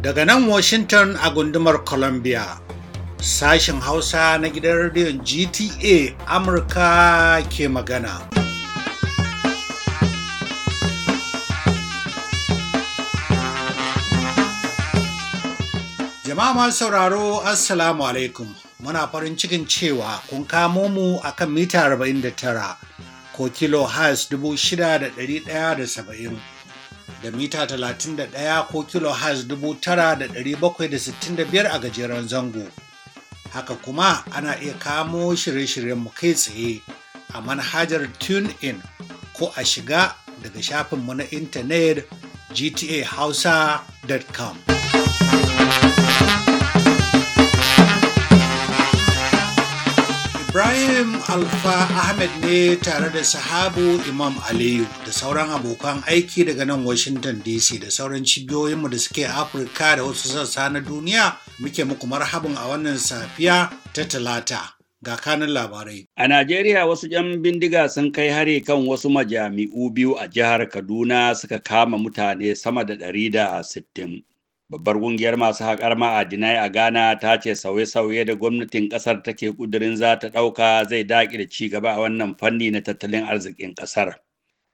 Daga nan Washington a gundumar Columbia, sashen Hausa na gidan rediyon GTA Amurka ke magana. Jama'a masu sauraro, Assalamu alaikum. Muna farin cikin cewa kun kamo mu akan mita 49. ko kilo has shida da dari daya da da saba'in, mita talatin da daya ko kilo da biyar a gajeren zango. Haka kuma ana iya kamo shirye-shiryen mu kai tsaye a manhajar in ko a shiga daga shafinmu na intanet gtahausa.com. Ibrahim Alfa Ahmed ne tare da sahabu Imam Aliyu da sauran abokan aiki daga nan Washington DC da sauran cibiyoyinmu da suke Afirka da wasu sassa na duniya muke muku marhabin a wannan safiya ta talata. Ga kanin labarai. A Najeriya wasu 'yan bindiga sun kai hari kan wasu majami'u biyu a jihar Kaduna suka kama mutane sama da 160. Babbar ƙungiyar masu haƙar ma'adinai a Ghana ta ce sauye-sauye da gwamnatin ƙasar take ƙudurin za ta ɗauka zai daƙi ci gaba a wannan fanni na tattalin arzikin ƙasar.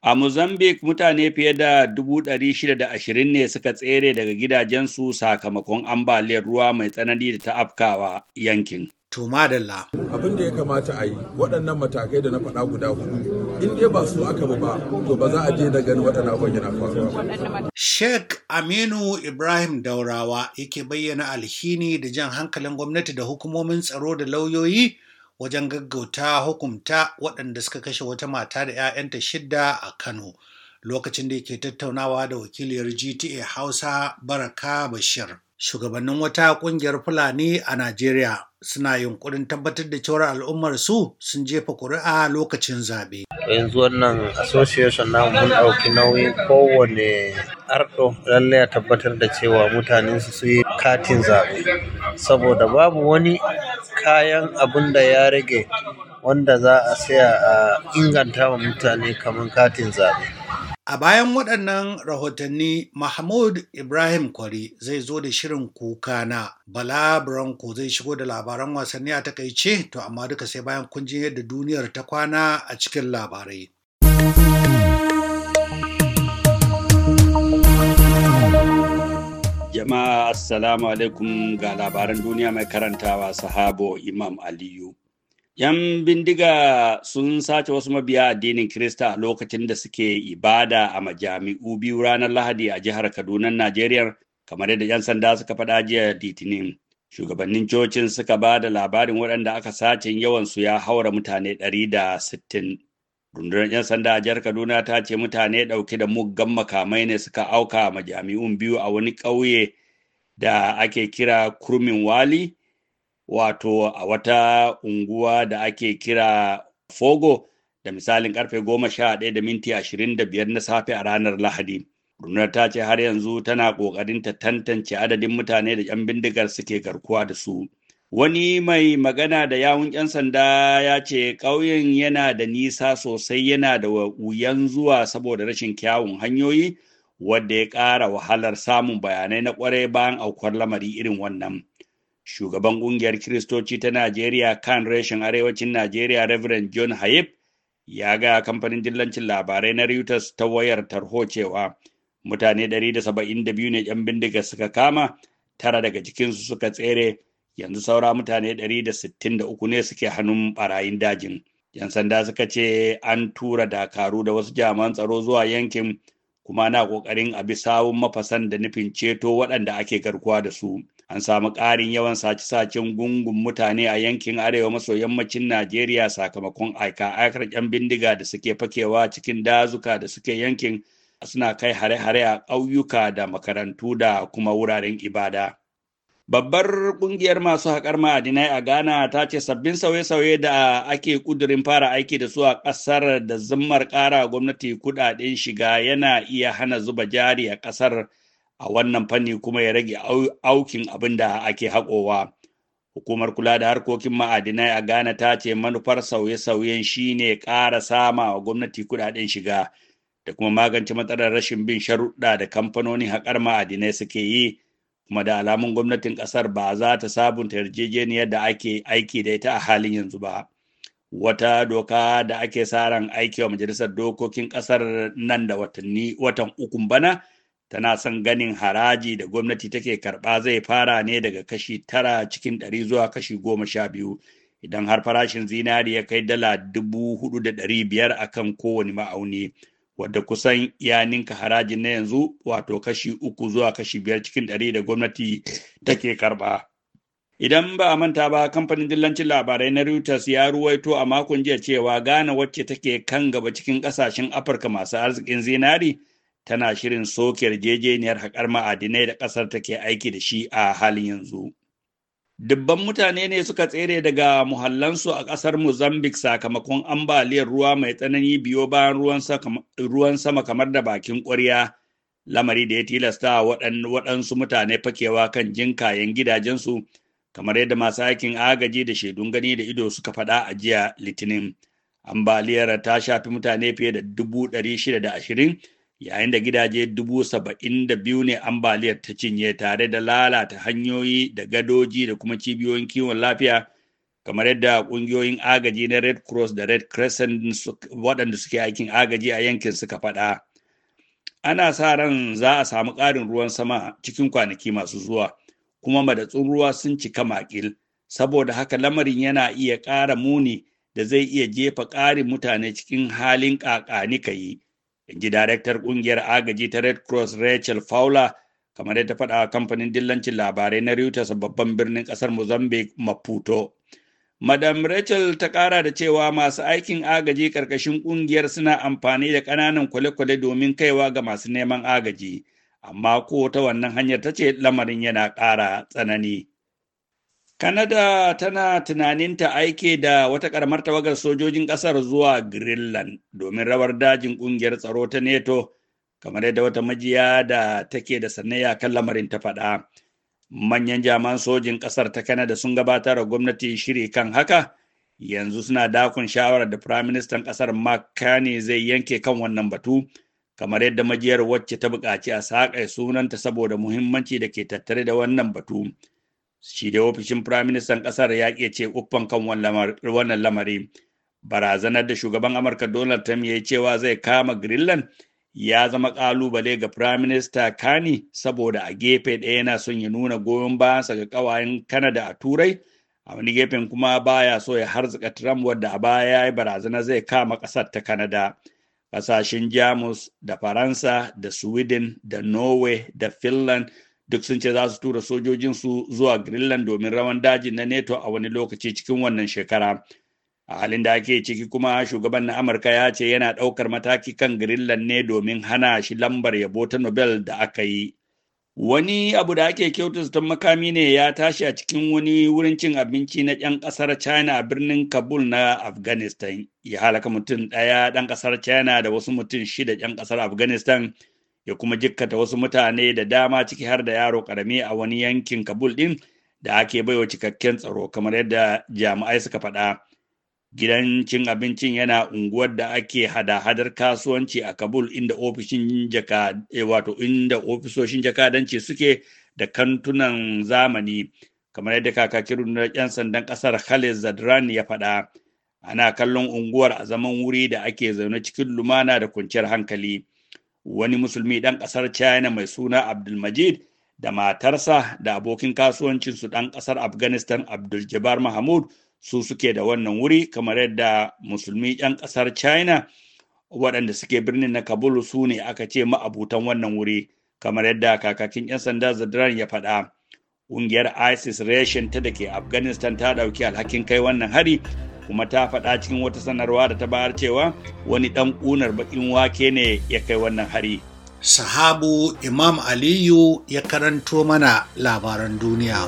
A Mozambique mutane fiye da 620 ne suka tsere daga gidajensu sakamakon ambaliyar ruwa mai tsanani da ta afkawa yankin. to madalla. Abin da ya kamata a yi waɗannan matakai da na faɗa guda hudu in dai ba su aka ba to ba za a je da gani waɗannan abin yana faruwa. Sheikh Aminu Ibrahim Daurawa yake bayyana alhini da jan hankalin gwamnati da hukumomin tsaro da lauyoyi wajen gaggauta hukumta waɗanda suka kashe wata mata da 'ya'yanta shidda a Kano. lokacin da yake tattaunawa da wakiliyar GTA Hausa Baraka Bashir. Shugabannin wata ƙungiyar Fulani a Najeriya suna yunkurin tabbatar da cewar al'ummar su sun jefa ƙuri'a lokacin zaɓe. yanzu wannan association na mun ɗauki nauyin kowane ardo lalle ya tabbatar da cewa mutanen su su yi katin zaɓe saboda babu wani kayan abun da ya rage wanda za a saya a inganta wa mutane kamar katin zaɓe A bayan waɗannan rahotanni, Mahmud Ibrahim Kwari zai zo da shirin kuka na Bala Branko zai shigo da labaran wasanni a takaice, to amma duka sai bayan kun ji yadda duniyar ta kwana a cikin labarai. Jama'a Assalamu alaikum ga labaran duniya mai karantawa sahabo Imam Aliyu. 'Yan bindiga sun sace wasu mabiya addinin Kirista a lokacin da suke ibada a majami'u biyu ranar Lahadi a jihar Kaduna, Najeriya, kamar yadda 'yan sanda suka faɗa jiya Litinin. Shugabannin cocin suka ba da labarin waɗanda aka sace yawansu ya haura mutane ɗari da sittin. Rundunar 'yan sanda a jihar Kaduna ta ce mutane ɗauke da muggan makamai ne suka auka majami'un biyu a wani ƙauye da ake kira Kurmin Wali. wato a wata unguwa da ake kira fogo da misalin karfe goma sha ɗaya da minti ashirin da biyar na safe a ranar lahadi rundunar ta ce har yanzu tana ƙoƙarin ta tantance adadin mutane da 'yan bindigar suke garkuwa da su wani mai magana da yawun 'yan sanda ya ce ƙauyen yana da nisa sosai yana da wuyan zuwa saboda rashin kyawun hanyoyi wadda ya ƙara wahalar samun bayanai na ƙwarai bayan aukuwar lamari irin wannan Shugaban ƙungiyar Kiristoci ta Najeriya kan reshen arewacin Najeriya Reverend John Hayib ya ga kamfanin dillancin labarai na Reuters ta wayar tarho cewa mutane 172 ne 'yan bindiga suka kama tara daga cikinsu suka tsere yanzu saura mutane 163 ne suke hannun barayin dajin. 'Yan sanda suka ce an tura dakaru da wasu jaman tsaro zuwa yankin kuma na kokarin a bi sawun mafasan da nufin ceto waɗanda ake garkuwa da su. an samu ƙarin yawan sace-sacen gungun mutane a yankin arewa maso yammacin najeriya sakamakon aika-aikar 'yan bindiga da suke fakewa cikin dazuka da suke yankin suna kai hare-hare a ƙauyuka da makarantu da kuma wuraren ibada babbar ƙungiyar masu haƙar ma'adinai a ghana ta ce sabbin sauye-sauye da ake kudurin fara aiki da su a ƙasar da zimmar ƙara gwamnati kuɗaɗen shiga yana iya hana zuba jari a ƙasar a wannan fanni kuma ya rage aukin abin da ake haƙowa. Hukumar kula da harkokin ma'adinai a Ghana ta ce manufar sauye-sauyen shine ƙara sama wa gwamnati kuɗaɗen shiga da kuma magance matsalar rashin bin sharuɗa da kamfanoni haƙar ma'adinai suke yi kuma da alamun gwamnatin ƙasar ba za ta sabunta yarjejeniyar da ake aiki da ita a halin yanzu ba. Wata doka da ake sa ran aiki wa majalisar dokokin ƙasar nan da watanni watan ukun bana tana son ganin haraji da gwamnati take karba zai fara ne daga kashi tara cikin ɗari zuwa kashi goma sha biyu idan har farashin zinari ya kai dala dubu hudu da ɗari biyar a kan kowane ma'auni wadda kusan ya ninka harajin na yanzu wato kashi uku zuwa kashi biyar cikin ɗari da gwamnati take karba. Idan ba a manta ba kamfanin dillancin labarai na Reuters ya ruwaito a makon jiya cewa Ghana wacce take kan gaba cikin ƙasashen Afirka masu arzikin zinari tana shirin soke yarjejeniyar haƙar ma'adinai da ƙasar take aiki da shi a halin yanzu. Dubban mutane ne suka tsere daga muhallansu a ƙasar Mozambique sakamakon ambaliyar ruwa mai tsanani biyo bayan ruwan sama kamar da bakin ƙwarya, lamari da ya tilasta waɗansu mutane fakewa kan jinkayen gidajensu kamar yadda masu aikin agaji da shaidun gani da ido suka faɗa a jiya Litinin. Ambaliyar ta shafi mutane fiye da dubu ɗari shida da ashirin yayin da gidaje dubu saba'in da biyu ne ambaliyar ta cinye tare da lalata hanyoyi da gadoji da kuma cibiyoyin kiwon lafiya kamar yadda ƙungiyoyin agaji na red cross da red crescent waɗanda suke aikin agaji a yankin suka faɗa ana sa ran za a samu ƙarin ruwan sama cikin kwanaki masu zuwa kuma madatsun ruwa sun cika makil saboda haka lamarin yana iya ƙara muni da zai iya jefa ƙarin mutane cikin halin ƙaƙani ka yi in ji daraktar kungiyar agaji ta red cross rachel fowler kamar yadda faɗa a kamfanin dillancin labarai na reuters babban birnin ƙasar mozambique maputo madam rachel ta ƙara da cewa masu aikin agaji ƙarƙashin ƙungiyar suna amfani da ƙananan kwale-kwale domin kaiwa ga masu neman agaji amma ko ta wannan hanyar ta ce lamarin yana ƙara tsanani Kanada tana tunanin ta aike da wata karamar tawagar sojojin ƙasar zuwa Greenland domin rawar dajin ƙungiyar tsaro ta NATO, kamar yadda wata majiya da take da sanayya kan lamarin ta faɗa. Manyan jaman sojin ƙasar ta Kanada sun gabatar da gwamnati shiri kan haka, yanzu suna dakon shawarar da Firaministan ƙasar Mark Carney zai yanke kan wannan batu, kamar yadda majiyar wacce ta buƙaci a saƙa sunanta saboda muhimmanci da ke tattare da wannan batu. shi da ofishin firaministan ƙasar ya ƙi ce uffan kan wannan lamari barazanar da shugaban amurka donald trump ya yi cewa zai kama greenland ya zama ƙalubale ga firaminista kani saboda a gefe ɗaya yana son ya nuna goyon bayansa ga ƙawayen kanada a turai a wani gefen kuma baya so ya harzika trump wadda a baya ya yi barazana zai kama ƙasar ta kanada ƙasashen jamus da faransa da sweden da norway da finland duk sun ce za su tura sojojinsu zuwa Greenland domin rawan daji na NATO a wani lokaci cikin wannan shekara. A halin da ake ciki kuma shugaban na Amurka ya ce yana ɗaukar mataki kan Greenland ne domin hana shi lambar yabo ta Nobel da aka yi. Wani abu da ake kyautata makami ne ya tashi a cikin wani wurin cin abinci na 'yan ƙasar China a birnin Kabul na Afghanistan. Ya halaka mutum ɗaya ɗan ƙasar China da wasu mutum shida 'yan ƙasar Afghanistan. ya kuma jikkata wasu mutane da dama ciki har da yaro karami a wani yankin kabul din da ake baiwa cikakken tsaro kamar yadda jami'ai suka faɗa gidan cin abincin yana unguwar da ake hada-hadar kasuwanci a kabul inda ofishin jaka eh, wato inda ofisoshin jakadanci suke da kantunan zamani kamar yadda kakakin rundunar 'yan sandan ƙasar khalid zadran ya faɗa ana kallon unguwar a zaman wuri da ake zaune cikin lumana da kwanciyar hankali wani musulmi ɗan ƙasar china mai suna abdulmajid da matarsa da abokin kasuwancinsu ɗan ƙasar afghanistan abdul-jabbar mahmud su suke da wannan wuri kamar yadda musulmi ɗan ƙasar china waɗanda suke birnin na kabul su ne aka ce ma'abutan wannan wuri kamar yadda kakakin 'yan sanda zadran ya faɗa ƙungiyar isis reshen ta da ke afghanistan ta ɗauki alhakin kai wannan hari kuma ta faɗa cikin wata sanarwa da ta bayar cewa wani ɗan ƙunar baƙin wake ne ya kai wannan hari. Sahabu Imam Aliyu ya karanto mana labaran duniya.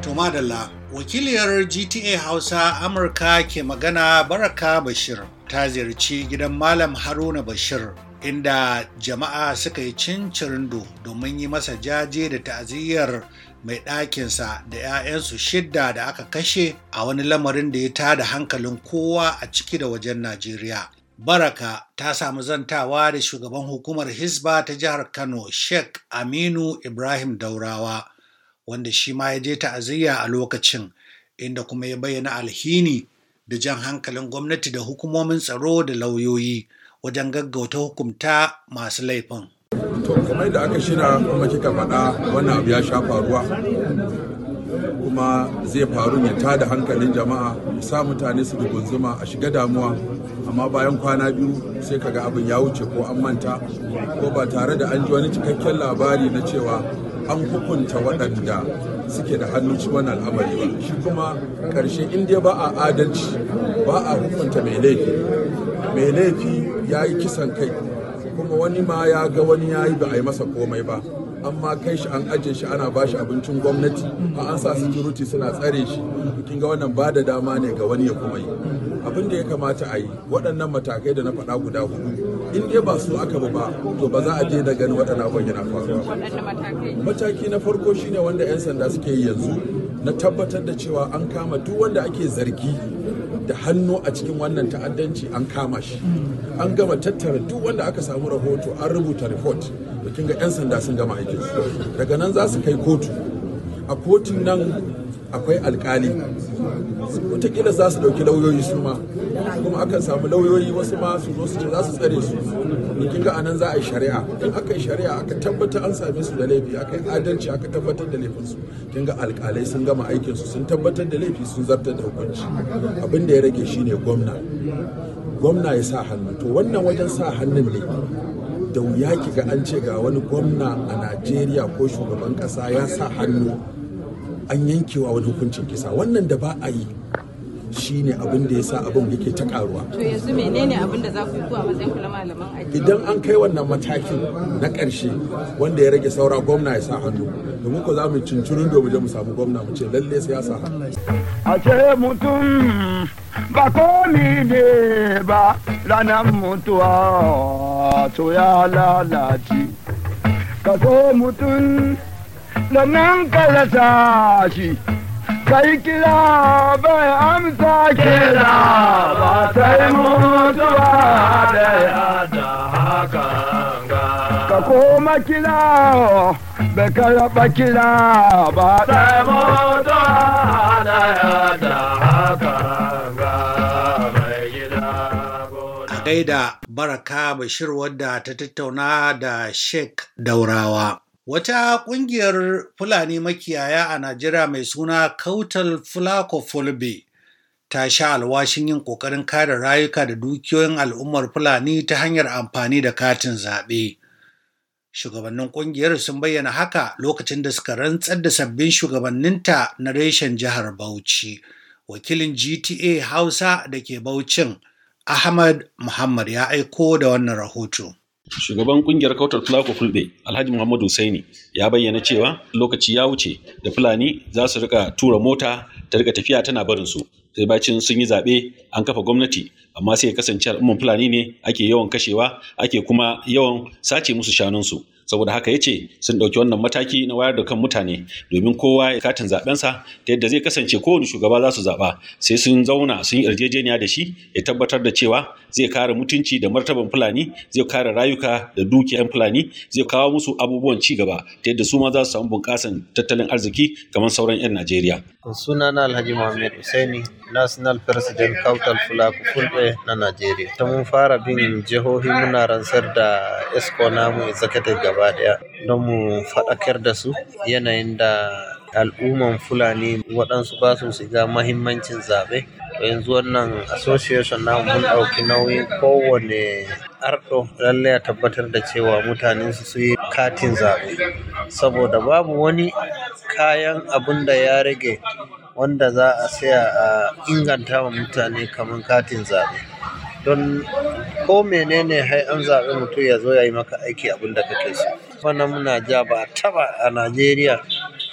Tumadala, wakiliyar GTA Hausa Amurka ke magana Baraka Bashir ta ziyarci gidan Malam Haruna Bashir inda jama'a suka yi cincirindo domin yi masa jaje da ta'aziyyar mai ɗakinsa da 'ya'yansu shidda da aka kashe a wani lamarin da ya tada hankalin kowa a ciki da wajen Najeriya. Baraka ta samu zantawa da shugaban hukumar Hisba ta jihar Kano Sheikh Aminu Ibrahim Daurawa, wanda shi ma ya je ta'aziyya a lokacin, inda kuma ya bayyana alhini da jan hankalin gwamnati da hukumomin tsaro da lauyoyi. wajen gaggauta hukunta masu laifin. To kamar da aka shirya kuma kika faɗa wannan abu ya sha faruwa kuma zai faru ya tada hankalin jama'a sa mutane su zuma a shiga damuwa amma bayan kwana biyu sai kaga abin ya wuce ko an manta ko ba tare da an ji wani cikakken labari na cewa an hukunta waɗanda suke da hannu ci wannan al'amari ba shi kuma ƙarshe inda ba a adalci ba a hukunta mai laifi mai laifi ya yi kisan kai kuma wani ma ya ga wani ya yi ba a yi masa komai ba amma kai shi an aje shi ana ba shi abincin gwamnati a an sa security suna tsare shi kin ga wannan ba da dama ne ga wani ya kuma yi abin da ya kamata a yi waɗannan matakai da na faɗa guda hudu in dai ba su aka ba to ba za a je da gani waɗannan abin yana faruwa mataki na farko shine wanda 'yan sanda suke yi yanzu na tabbatar da cewa an kama duk wanda ake zargi da hannu a cikin wannan ta'addanci an kama shi an gama tattara duk wanda aka samu rahoto an rubuta report da kin ga 'yan sanda sun gama aikin daga nan za su kai kotu a kotun nan akwai alkali wataƙila za su ɗauki lauyoyi su ma kuma akan samu lauyoyi wasu ma su zo su ce za su tsare su to kinga anan za a yi shari'a in aka yi shari'a aka tabbatar an same su da laifi aka yi adalci aka tabbatar da laifin su kinga alkalai sun gama aikin su sun tabbatar da laifi sun zartar da hukunci abin da ya rage shine gwamna gwamna ya sa hannu to wannan wajen sa hannun ne da wuya ki ga an ce ga wani gwamna a Najeriya ko shugaban kasa ya sa hannu an yankewa wani hukuncin kisa wannan da ba a yi shine abin da yasa abin yake ta karuwa to yanzu menene abin da za ku yi a matsayin kula malaman addini idan an kai wannan matakin na karshe wanda ya rage saura gwamna ya sa hannu domin ko za mu cincirin domin je mu samu gwamna mu ce lalle sai ya sa hannu a ce mutum ba komi ne ba ranar mutuwa to ya lalace ka so mutum da nan shi kai kira bai amsa kira ba sai mutuwa da yada haka ka koma kira bai karaba kira ba sai mutuwa da yada haka gaida baraka bashir wadda ta tattauna da sheikh daurawa Wata ƙungiyar Fulani makiyaya a Najeriya mai suna Kautal Fulako Fulbe ta sha alwashin yin ƙoƙarin kare rayuka da dukiyoyin al'ummar Fulani ta hanyar amfani da katin zaɓe. Shugabannin ƙungiyar sun bayyana haka lokacin da suka rantsar da sabbin shugabanninta na reshen jihar Bauchi. Wakilin GTA Hausa da ke Bauchin, Ahmad Muhammad ya aiko da wannan rahoto. shugaban kungiyar kautar fulako fulbe alhaji muhammadu husaini ya bayyana cewa lokaci ya wuce da fulani za su rika tura mota ta rika tafiya tana barin su sai bacin sun yi zaɓe an kafa gwamnati amma sai ya kasance al'umman fulani ne ake yawan kashewa ake kuma yawan sace musu shanunsu saboda haka ya ce sun ɗauki wannan mataki na wayar da kan mutane domin kowa ya katin zaɓensa ta yadda zai kasance kowane shugaba za su zaɓa sai sun zauna sun yi yarjejeniya da shi ya tabbatar da cewa zai kare mutunci da martaban fulani zai kare rayuka da dukiyan fulani zai kawo musu abubuwan ci gaba ta yadda su ma za su samu bunƙasan tattalin arziki kamar sauran 'yan Najeriya. Sunana Alhaji Muhammad Usaini National President Kautal Fulaku Fulbe na Najeriya. Ta mun fara bin jihohi muna rantsar da Esko namu zakata gaba daya don mu faɗakar da su yanayin da al'umman Fulani waɗansu ba su shiga mahimmancin zaɓe yanzu wannan association na mun ɗauki nauyin kowane arɗo lalle ya tabbatar da cewa mutanen su su yi katin zaɓe saboda babu wani kayan abin da ya rage wanda za a saya a inganta wa mutane kamar katin zaɓe don ko menene hai an zaɓe mutum ya zo ya yi maka aiki abin da kake so wannan muna ja ba taba a najeriya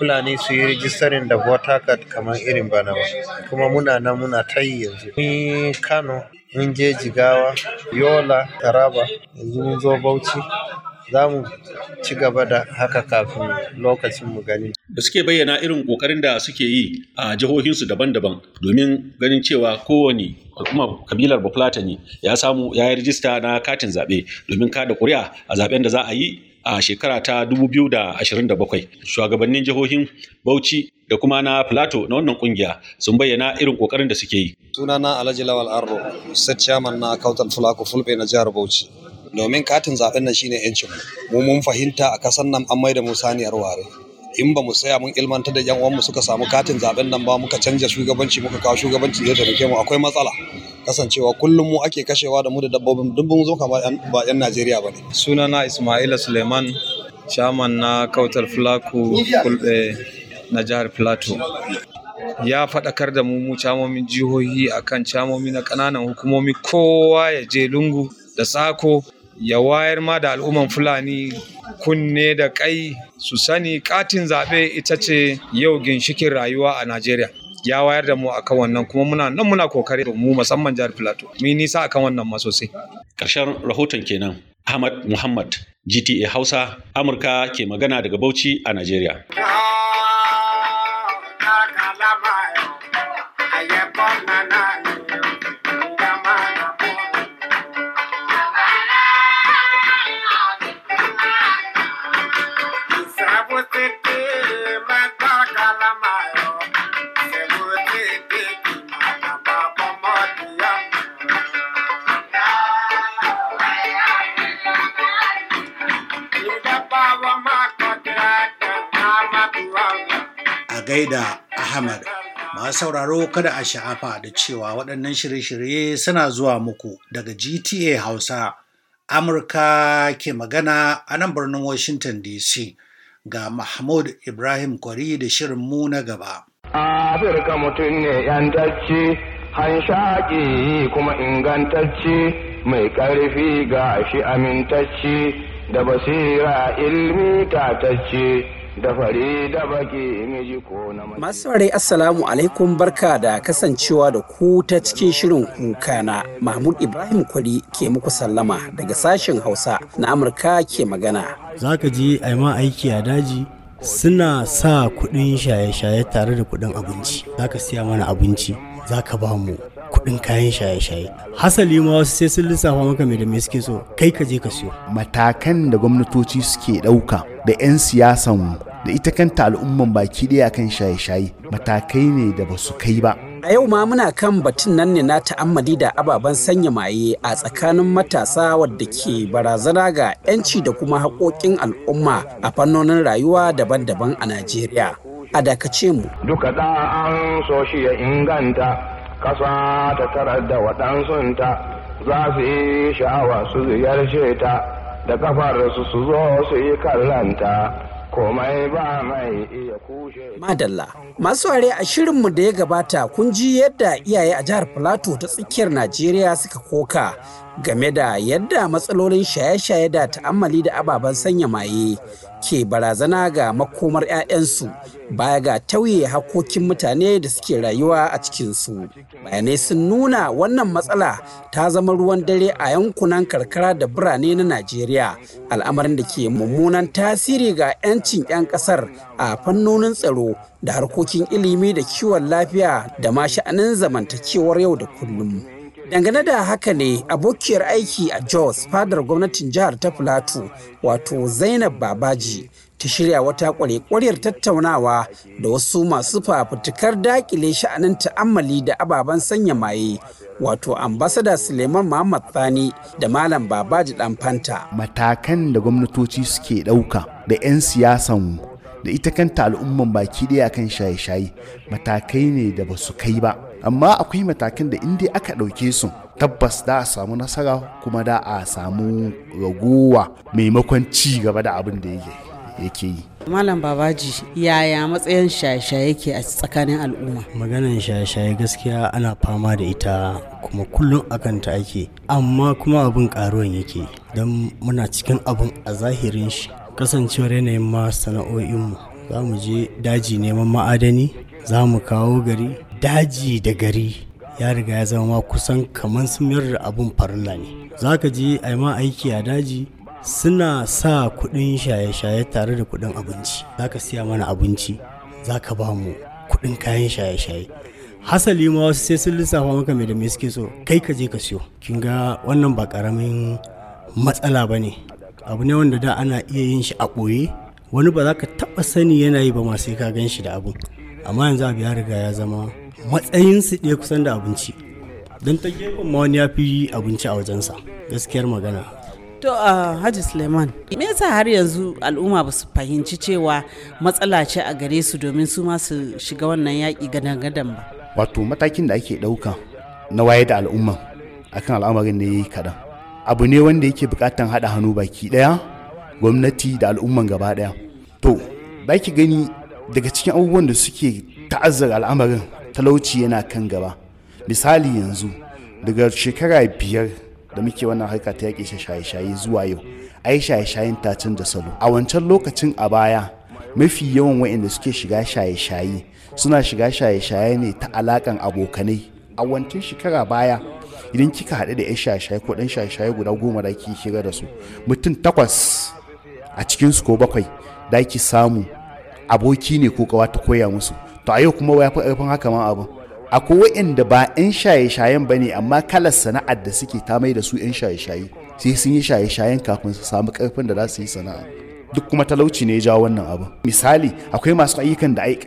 fulani su yi rijistarin da voter card kamar irin bana ba kuma muna nan muna ta yi yanzu mun kano mun je jigawa yola taraba yanzu mun zo bauchi za mu ci gaba da haka kafin lokacin mu gani. Da suke bayyana irin ƙoƙarin da suke yi a jihohinsu daban-daban domin ganin cewa kowane kuma kabilar Bafulatani ya samu ya yi rijista na katin zaɓe domin kada ƙuri'a a zaɓen da za a yi a shekara ta dubu da bakwai, shugabannin jihohin bauchi da kuma na Filato na wannan kungiya sun bayyana irin kokarin da suke yi sunana alhaji lawal arro set chairman na kautal fulako fulbe na jihar bauchi domin katin zaben nan shine yancin mu mun fahimta a kasan nan an maida da saniyar ware in ba mu tsaya mun ilmantar da yan uwanmu suka samu katin zaben nan ba muka canja shugabanci muka kawo shugabanci zai taimake mu akwai matsala kasancewa kullum mu ake kashewa da mu da dabbobin duk mun zo kama ba yan Najeriya bane sunana Ismaila Suleiman chairman na Kautar Flaku kulbe eh, na jihar Plateau ya faɗakar da mu mu camomin jihohi akan camomi na ƙananan hukumomi kowa ya je lungu da sako ya wayar ma da al'umman fulani kunne da kai su sani katin zaɓe ita ce yau ginshikin rayuwa a najeriya ya wayar da mu akan wannan kuma muna nan muna kokari mu musamman jihar plateau mun nisa akan wannan ma sosai ƙarshen rahoton kenan ahmad muhammad gta hausa amurka ke magana daga bauchi a najeriya gaida Ahmad. ma sauraro kada a sha'afa da cewa waɗannan shirye-shirye suna zuwa muku daga GTA Hausa, Amurka ke magana a nan birnin Washington DC ga Mahmud Ibrahim Kwari da shirin mu na gaba. Afirka mutum ne 'yantacce, hanshaƙi kuma ingantacce, mai ƙarfi ga shi amintacce da basira ilmi tatacce. da masu saurari assalamu alaikum barka da kasancewa da ku ta cikin shirin kuka na mahmud ibrahim kwari ke muku sallama daga sashen hausa na amurka ke magana zaka je ma aiki a daji suna sa kudin shaye-shaye tare da kudin abinci zaka siya mana abinci zaka ba mu kudin kayan shaye-shaye hasali ma wasu sai sun lissafa maka mai da me suke so kai ka je ka siyo matakan da gwamnatoci suke ɗauka da 'yan siyasan da ita kanta al'umman baki ɗaya kan shaye-shaye matakai ne da ba su kai ba a yau ma muna kan batun nan ne na ta'ammali da ababen sanya maye a tsakanin matasa wadda ke barazana ga 'yanci da kuma haƙoƙin al'umma a fannonin rayuwa daban-daban a najeriya a dakace mu duka da an so shi ya inganta kasa ta tarar da waɗansunta za su yi sha'awa su ziyarce ta da kafarsu su zo su yi kallanta komai ba mai iya kushe. Madalla, masu ware a shirinmu da ya gabata kun ji yadda iyaye a jihar Filato ta tsakiyar Najeriya suka koka game da yadda matsalolin shaye-shaye da ta'ammali da ababen sanya maye ke barazana ga makomar 'ya'yansu baya ga tauye hakokin mutane da suke rayuwa a cikinsu bayanai sun nuna wannan matsala ta zama ruwan dare a yankunan karkara da birane na najeriya al'amarin da ke mummunan tasiri ga 'yancin 'yan kasar a fannonin tsaro da harkokin ilimi da kiwon lafiya da ma sha'anin zamantakewar yau da kullum Dangane da haka ne abokiyar aiki a Jos fadar gwamnatin jihar ta Filato wato Zainab Babaji ta shirya wata kwarekwariyar tattaunawa da wasu masu fafutukar dakile sha'anin ta'ammali da ababen sanya maye wato ambasada suleiman muhammad Sani da malam babaji dan fanta matakan da gwamnatoci suke ɗauka da 'yan siyasan da ita kanta al'umman baki daya kan shaye-shaye matakai ne da ba su kai ba amma akwai matakan da inda aka ɗauke su tabbas da a samu nasara kuma da a samu ragowa maimakon ci gaba da abin da yake yi malam babaji yaya matsayin shaye-shaye yake a tsakanin al'umma maganan shaye-shaye gaskiya ana fama da ita kuma kullum akan ta ake amma kuma abin karuwan yake don muna cikin abin a zahirin shi kasancewar yanayin ma sana'o'inmu za mu je daji neman ma'adani za mu kawo gari daji da gari ya riga ya zama kusan kamar sun yar da abun farilla ne za ka je a ma aiki a daji suna sa kuɗin shaye-shaye tare da kuɗin abinci za ka siya mana abinci za ka ba mu kuɗin kayan shaye-shaye hasali ma wasu sai sun lissafa maka mai da me suke so kai ka je ka siyo kin ga wannan ba karamin matsala ba ne abu ne wanda da ana iya yin shi a ɓoye wani ba za ka taɓa sani yana yi ba ma sai ka gan shi da abu amma yanzu abu ya riga ya zama matsayinsu ɗaya kusan da abinci don ta gefen ma wani ya fi abinci a wajensa gaskiyar magana to a ah, hajji suleiman me yasa har yanzu al'umma ba su fahimci cewa matsala ce a gare su domin su ma su shiga wannan yaƙi gadan-gadan ba wato matakin da ake ɗauka na waye da al'umma akan al'amarin da ya yi kaɗan abu ne wanda yake buƙatan haɗa hannu baki ɗaya gwamnati da al'umman gaba ɗaya to baki gani daga cikin abubuwan da suke ta'azzara al'amarin talauci yana kan gaba misali yanzu daga shekara biyar da muke wannan harka ta yaƙi shaye-shaye zuwa yau a ai shaye-shayen ta canza salo a wancan lokacin a baya mafi yawan waɗanda suke shiga shaye-shaye suna shiga shaye-shaye ne ta alakan abokanai a wancan shekara baya idan kika haɗu da 'yan shaye-shaye ko ɗan shaye-shaye guda goma da ki hira da su mutum takwas a cikinsu ko bakwai da samu aboki ne ko kawa ta koya musu to a yau kuma ya fi ƙarfin haka ma abu akwai wa'inda ba 'yan shaye-shayen ba ne amma kalar sana'ar da suke ta mai da su 'yan shaye-shaye sai sun yi shaye-shayen kafin su samu ƙarfin da za su yi sana'a duk kuma talauci ne ya jawo wannan abu misali akwai masu ayyukan da ai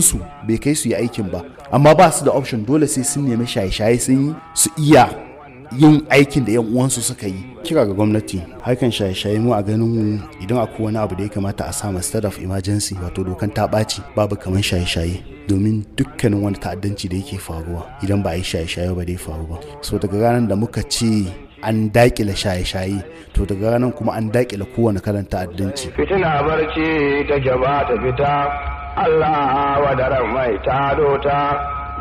su bai kai su yi aikin ba amma ba su da option dole sai sun nemi shaye-shaye sun yi su iya yin aikin da 'yan uwansu suka yi kira ga gwamnati harkan shaye-shaye mu a ganin mu idan akwai wani abu da ya kamata a sama state of emergency wato dokan ta ɓaci babu kamar shaye-shaye domin dukkanin wani ta'addanci da yake faruwa idan ba a yi shaye-shaye ba da ya faru ba so daga ranar da muka ce an dakile shaye-shaye to daga ranar kuma an dakile kowane kalan ta'addanci fitina barci ta gaba ta fita Allah wa daren mai ta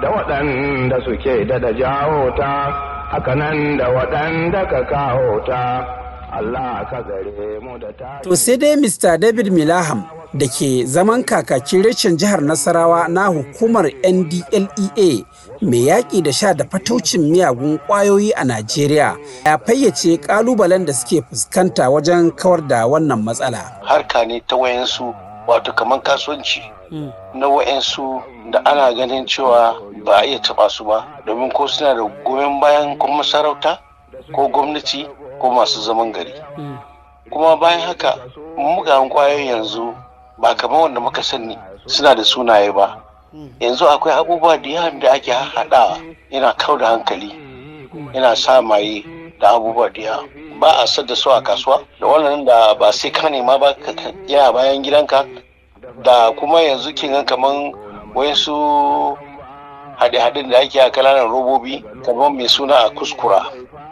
da waɗanda suke da da jawo ta Aka nan da waɗanda ka kawo ta Allah ka gare mu da ta. To sai dai Mr. David Milaham da ke zaman kakakin reshen jihar Nasarawa na hukumar NDLEA mai yaƙi da sha da fataucin miyagun ƙwayoyi a Najeriya ya fayyace ƙalubalen da suke fuskanta wajen kawar da wannan matsala. Harka ne ta wayansu wato kamar kasuwanci mm. na wa'yansu da ana ganin cewa ba a iya taɓa su ba domin ko suna da goyon bayan kuma masarauta ko gwamnati ko masu zaman gari mm. kuma bayan haka mugayen kwayoyin yanzu ba kamar wanda muka sani suna da sunaye ba mm. yanzu akwai abubuwa da yawan da ake haɗawa yana kau da hankali yana sa maye da abubuwa da yawa ba a sadda su a kasuwa da wannan da ba sai ka nema ba yana bayan gidanka da kuma yanzu kin kaman wayansu haɗe-haɗen da ake a kananan robobi kamar mai suna a kuskura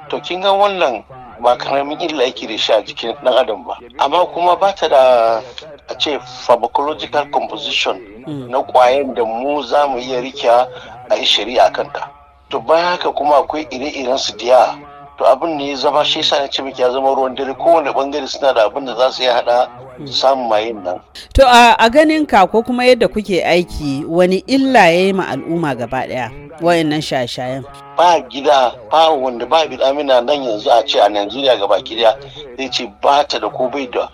to kin ga wannan ba karamin illa yake da shi a jikin ɗan adam ba amma kuma ba ta da a ce pharmacological composition hmm. na ƙwayan da mu za mu iya rike a yi shari'a kanta to bayan haka kuma akwai ire-iren su diya to abin ne zama shi sa ce muke zama ruwan dare kowane bangare suna da abin da za su iya hada samun mayin nan to a ganin ka ko kuma yadda kuke aiki wani illa ya yi ma al'umma gaba daya wayannan shaye-shayen ba gida ba wanda ba bidamina nan yanzu a ce a Najeriya gaba daya zai ce ba ta da ko bai da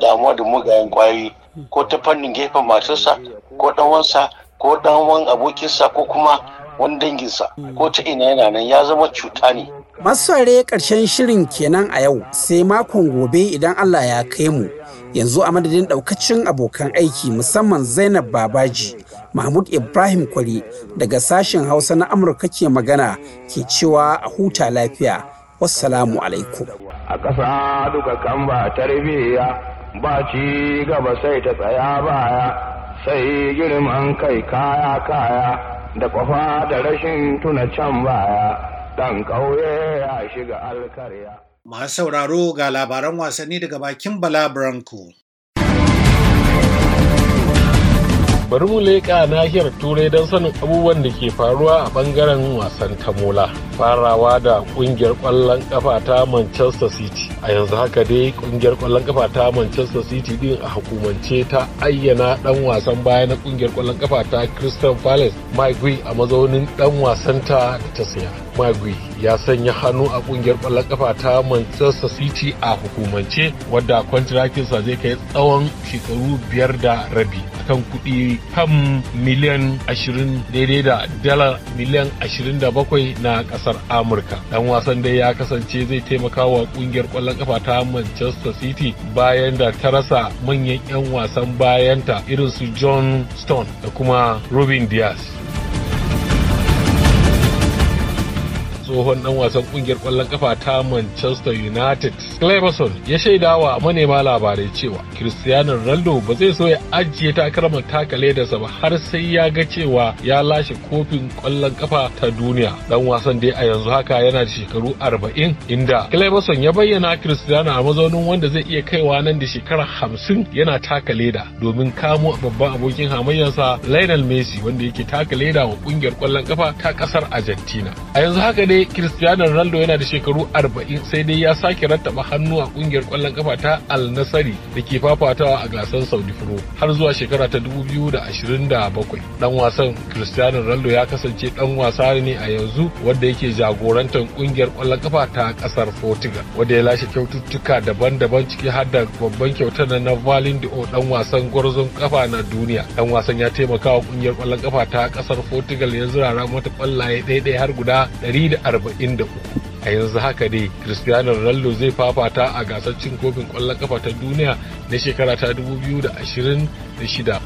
damuwa da mugayen kwayoyi ko ta fannin gefen matarsa ko ɗanwansa ko ɗanwan abokinsa ko kuma wani danginsa ko ta ina yana nan ya zama cuta ne Masu sare ƙarshen shirin kenan a yau sai makon gobe idan Allah ya kai mu. Yanzu a madadin ɗaukacin abokan aiki musamman Zainab Babaji, Mahmud Ibrahim Kwari daga sashen Hausa na Amurka ke magana ke cewa a huta lafiya. Wassalamu alaikum. A ƙasa duka kan ba tarbiyya ba ci gaba sai ta tsaya baya sai girman kai kaya kaya da kwafa da rashin tuna can baya. ɗan ƙauye ya shiga alkarya. Masu sauraro ga labaran wasanni daga bakin Bala Branko. Bari mu leƙa nahiyar Turai don sanin abubuwan da ke faruwa a ɓangaren wasan tamola. Farawa da ƙungiyar ƙwallon ƙafa ta Manchester City. A yanzu haka dai ƙungiyar ƙwallon ƙafa ta Manchester City din a hukumance ta ayyana ɗan wasan baya na ƙungiyar ƙwallon ƙafa ta Crystal Palace Mike a mazaunin ɗan wasanta da ta siya. magui ya sanya hannu a kungiyar ƙwallon kafa ta manchester city a hukumance wadda kwantirakinsa zai kai tsawon shekaru biyar da rabi kan kuɗi kan miliyan 20 daidai da dala miliyan 27 na ƙasar amurka dan wasan dai ya kasance zai taimaka wa kungiyar ƙwallon kafa ta manchester city bayan da ta rasa manyan 'yan wasan bayanta irin su john stone da kuma robin diaz tsohon dan wasan kungiyar kwallon kafa ta Manchester United Cleverson ya shaida wa manema labarai cewa Cristiano Ronaldo ba zai so ya ajiye takarmar taka ledarsa ba har sai ya ga cewa ya lashe kofin kwallon kafa ta duniya. Dan wasan dai a yanzu haka yana da shekaru 40 inda Cleverson ya bayyana Cristiano a mazaunin wanda zai iya kaiwa nan da shekara 50 yana taka leda domin kamo babban abokin hamayyarsa Lionel Messi wanda yake taka leda wa kungiyar kwallon kafa ta kasar Argentina. A yanzu haka dai cristiano ronaldo yana da shekaru 40 sai dai ya sake rattaba hannu a kungiyar kwallon kafa ta al Nassri da ke fafatawa a gasar saudi pro har zuwa shekara ta 2027 dan wasan cristiano ronaldo ya kasance dan wasa ne a yanzu wanda yake jagorantar kungiyar kwallon kafa ta kasar portugal wanda ya lashe kyaututtuka daban-daban ciki har da babban kyautar na valin o dan wasan gwarzon kafa na duniya dan wasan ya taimaka wa kungiyar kwallon kafa ta kasar portugal ya rara mata kwallaye ɗaya har guda 100 uku a yanzu haka dai cristiano ronaldo zai fafata a gasar cin kofin kwallon kafa ta duniya na shekara ta shida.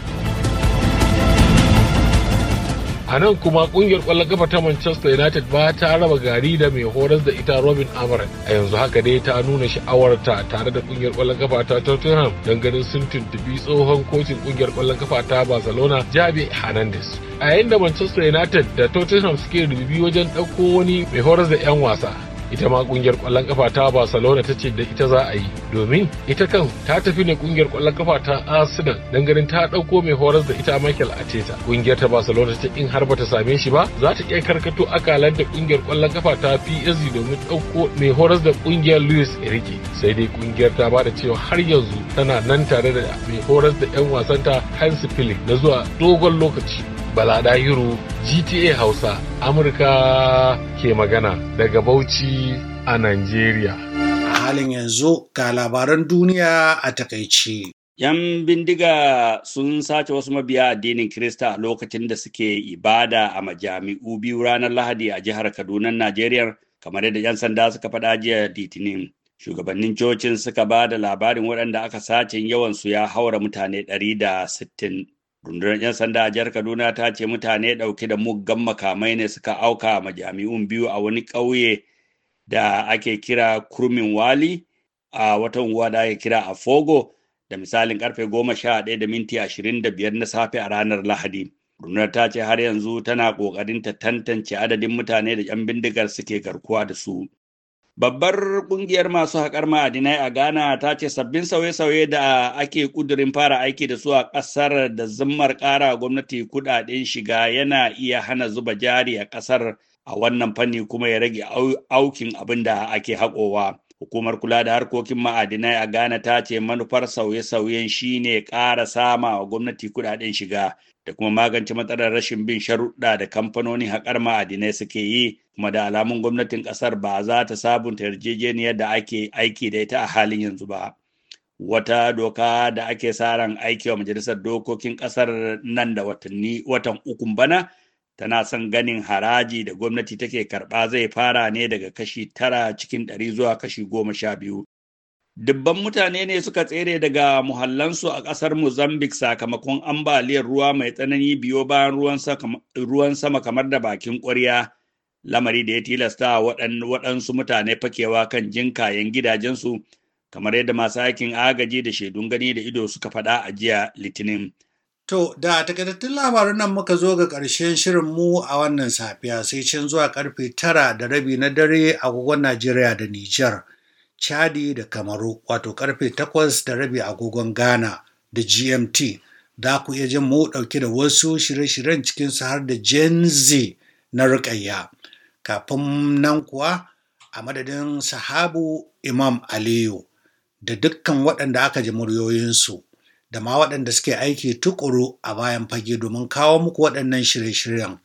a nan kuma kungiyar kwallon kafa ta manchester united ba ta raba gari da mai horas da ita robin amaran a yanzu haka dai ta nuna sha'awarta tare da kungiyar kwallon kafa ta tottenham don ganin sun tuntubi tsohon kocin kungiyar kwallon kafa ta barcelona jabe hernandez a yayin da manchester united da tottenham suke rubi wajen ɗauko wani mai horas da 'yan wasa ita ma kungiyar kwallon kafa ta barcelona ta ce da ita za a yi domin ita kan ta tafi ne kungiyar kwallon kafa ta arsenal dan ganin ta dauko mai horas da ita michael ateta kungiyar ta barcelona ta in har bata same shi ba za ta iya karkato akalar da kungiyar kwallon kafa ta psg domin dauko mai horas da kungiyar luis enrique sai dai kungiyar ta da cewa har yanzu tana nan tare da mai horas da yan wasanta hans philip na zuwa dogon lokaci Balada yuru GTA Hausa Amurka ke magana daga Bauchi a Najeriya. A halin yanzu ga labaran duniya a takaici. Yan bindiga sun sace wasu mabiya addinin Kirista a lokacin da suke ibada a majami'u biyu ranar Lahadi a jihar Kaduna, Najeriya, kamar yadda 'yan sanda suka faɗa jiya Litinin. shugabannin cocin suka ba da labarin waɗanda aka sace yawansu ya haura mutane 160 rundunar 'yan sanda a jihar kaduna ta ce mutane ɗauke da muggan makamai ne suka auka majami'un biyu a wani ƙauye da ake kira kurmin wali a wata unguwa da ake kira fogo da misalin karfe goma sha ɗaya da minti ashirin da biyar na safe a ranar lahadi rundunar ta ce har yanzu tana ƙoƙarin ta tantance adadin mutane da 'yan bindigar suke garkuwa da su Babbar kungiyar masu haƙar ma'adinai a Ghana ta ce sabbin sauye-sauye da ake ƙudurin fara aiki da su a ƙasar da zimmar ƙara gwamnati kuɗaɗen shiga yana iya hana zuba jari a ƙasar a wannan fanni kuma ya rage aukin abin da ake haƙowa. Hukumar kula da harkokin ma'adinai a Ghana ta ce manufar sauye-sauyen shine ƙara sama wa gwamnati kuɗaɗen shiga. da kuma magance matsalar rashin bin sharuɗa da kamfanoni haƙar ma'adinai suke yi kuma da alamun gwamnatin ƙasar ba za ta sabunta yarjejeniyar da ake aiki da ita a halin yanzu ba. Wata doka da ake sa ran aiki wa majalisar dokokin ƙasar nan da watanni watan ukun bana tana son ganin haraji da gwamnati take karɓa zai fara ne daga kashi tara cikin ɗari zuwa kashi goma sha biyu Dubban mutane ne suka tsere daga muhallansu a ƙasar Mozambique sakamakon ambaliyar ruwa mai tsanani biyo bayan ruwan sama kamar da bakin ƙwarya, lamari da ya tilasta waɗansu mutane fakewa kan jinkayen gidajensu, kamar yadda masu aikin agaji da shaidun gani da ido suka faɗa a jiya Litinin. To, da takaitattun labarin nan muka zo ga ƙarshen mu a wannan safiya sai can zuwa ƙarfe tara da rabi na dare a Najeriya da Nijar. chadi da kamaru wato karfe takwas da rabi agogon ghana da gmt za ku iya jin mu dauke da wasu shirye-shiryen cikinsu har da gen z na rukayya kafin nan kuwa a madadin sahabu imam aliyu da dukkan waɗanda aka ji muryoyinsu da ma waɗanda suke aiki tukuru a bayan fage domin kawo muku waɗannan shirye-shiryen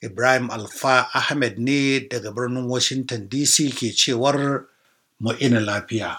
ibrahim alfa ahmed ne daga birnin washington dc ke cewar mu ina lafiya.